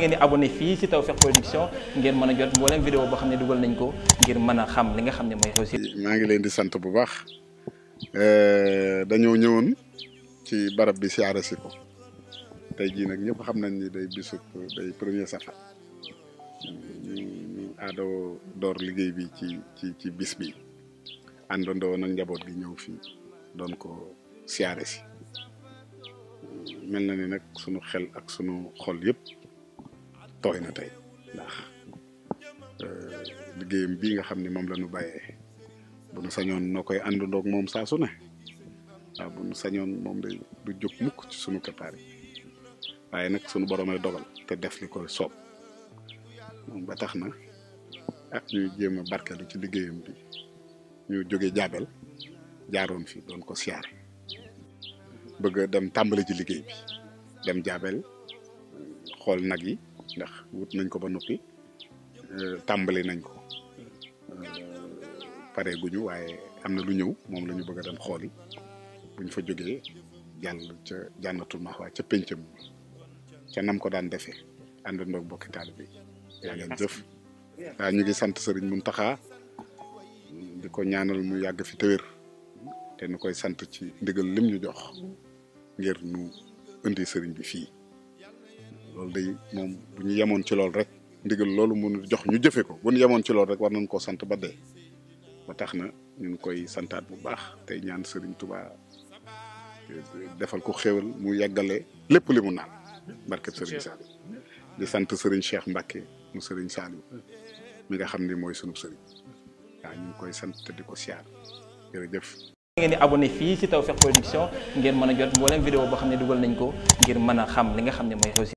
ngeen di abonné fii ci Tawfekh Production ngeen mën a jot mboolem vidéo boo xam ne dugal nañ ko ngir mën a xam li nga xam ne mooy xew ci maa ngi leen di sant bu baax euh, dañoo ñëwoon ci barab bi siyaare si ko tey jii nag ñëpp xam nañ ni day bisub day premier safar ñu door liggéey bi ci ci ci bis bi àndandoo nag njaboot gi ñëw fii doon ko siyaare si mel na ni nag sunu xel ak sunu xol yëpp tooy na tey ndax euh, liggéeyam bii nga xam ni moom la ñu bàyyee bu nu sañoon noo koy àndandoog moom saa su ne waaw bu nu sañoon moom day du jóg mukk ci sunu keppaar yi waaye nag sunu borom ay dogal te def li koy soob moom ba tax na ah ñuy jéem a barkeelu ci liggéeyam bi ñu jóge jaabel jaaroon fi doon ko siyaar bëgg dem tàmbali ci liggéey bi dem jaabel xool nag yi ndax wut nañ ko ba noppi euh, tàmbali nañ ko euh, pare guñu waaye am na lu ñëw moom lañu ñu bëgg a dem xool buñ fa jógee jàll ca jànnatul maxwaa ca péncam ca nam ko daan defee àndandoog bokki taalibe bi yaa ngeen jëf waaw ñu sant sëriñ taxa di ko ñaanal mu yàgg fi tëwér te nu koy sant ci ndigal lim ñu jox ngir nu indi sëriñ bi fii loolu day moom bu ñu yemoon ci loolu rek ndigal loolu mun jox ñu jëfe ko bu ñu yemoon ci loolu rek war nañ koo sant ba dee ba tax na ñu ngi koy santaat bu baax tey ñaan Serigne Touba defal ko xéwal mu yeggale lépp li mu naan barkeb Serigne Saliou di sant Serigne Cheikh Mbacke mu Serigne Saliou mi nga xam ne mooy sunub Serigne waaw ñu ngi koy sant te di ko siyaar jërëjëf. ngir a xam